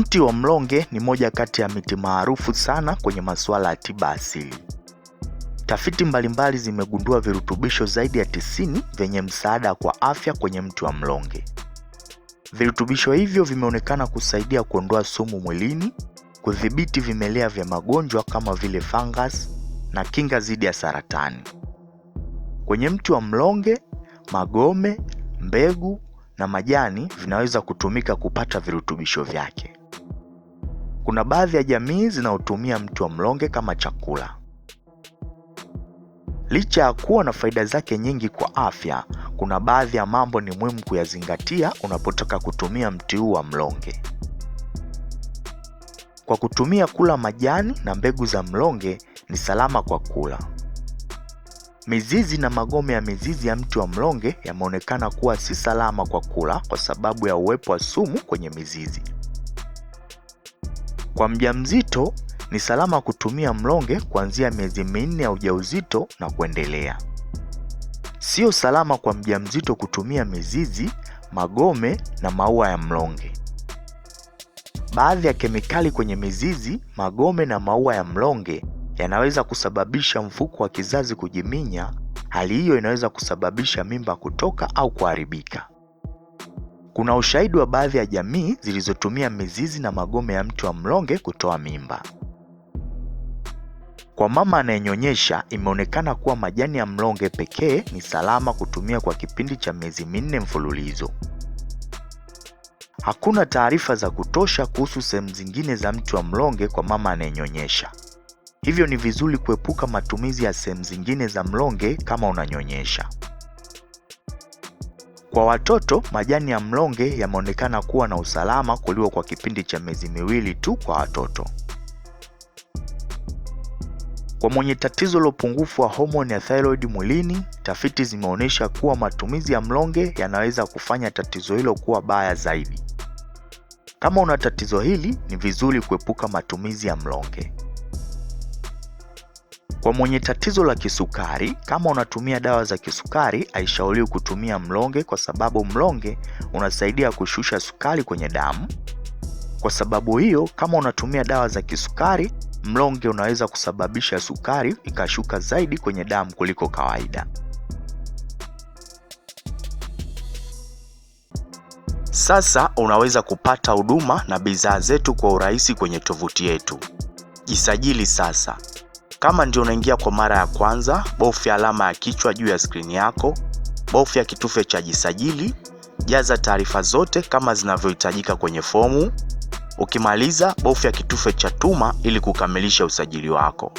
Mti wa mlonge ni moja kati ya miti maarufu sana kwenye masuala ya tiba asili. Tafiti mbalimbali zimegundua virutubisho zaidi ya tisini vyenye msaada kwa afya kwenye mti wa mlonge. Virutubisho hivyo vimeonekana kusaidia kuondoa sumu mwilini, kudhibiti vimelea vya magonjwa kama vile fungus na kinga dhidi ya saratani. Kwenye mti wa mlonge, magome, mbegu na majani vinaweza kutumika kupata virutubisho vyake. Kuna baadhi ya jamii zinaotumia mti wa mlonge kama chakula. Licha ya kuwa na faida zake nyingi kwa afya, kuna baadhi ya mambo ni muhimu kuyazingatia unapotaka kutumia mti huu wa mlonge. Kwa kutumia kula majani na mbegu za mlonge ni salama kwa kula. Mizizi na magome ya mizizi ya mti wa mlonge yameonekana kuwa si salama kwa kula kwa sababu ya uwepo wa sumu kwenye mizizi. Kwa mjamzito ni salama kutumia mlonge kuanzia miezi minne ya ujauzito na kuendelea. Sio salama kwa mjamzito kutumia mizizi, magome na maua ya mlonge. Baadhi ya kemikali kwenye mizizi, magome na maua ya mlonge yanaweza kusababisha mfuko wa kizazi kujiminya. Hali hiyo inaweza kusababisha mimba kutoka au kuharibika. Kuna ushahidi wa baadhi ya jamii zilizotumia mizizi na magome ya mti wa mlonge kutoa mimba. Kwa mama anayenyonyesha, imeonekana kuwa majani ya mlonge pekee ni salama kutumia kwa kipindi cha miezi minne mfululizo. Hakuna taarifa za kutosha kuhusu sehemu zingine za mti wa mlonge kwa mama anayenyonyesha. Hivyo ni vizuri kuepuka matumizi ya sehemu zingine za mlonge kama unanyonyesha. Kwa watoto, majani ya mlonge yameonekana kuwa na usalama kuliwa kwa kipindi cha miezi miwili tu kwa watoto. Kwa mwenye tatizo la upungufu wa homoni ya thyroid mwilini, tafiti zimeonyesha kuwa matumizi ya mlonge yanaweza kufanya tatizo hilo kuwa baya zaidi. Kama una tatizo hili, ni vizuri kuepuka matumizi ya mlonge. Kwa mwenye tatizo la kisukari, kama unatumia dawa za kisukari, haishauriwi kutumia mlonge kwa sababu mlonge unasaidia kushusha sukari kwenye damu. Kwa sababu hiyo, kama unatumia dawa za kisukari, mlonge unaweza kusababisha sukari ikashuka zaidi kwenye damu kuliko kawaida. Sasa unaweza kupata huduma na bidhaa zetu kwa urahisi kwenye tovuti yetu. Jisajili sasa. Kama ndio unaingia kwa mara ya kwanza, bofya alama ya kichwa juu ya skrini yako, bofya kitufe cha jisajili, jaza taarifa zote kama zinavyohitajika kwenye fomu. Ukimaliza, bofya kitufe cha tuma ili kukamilisha usajili wako.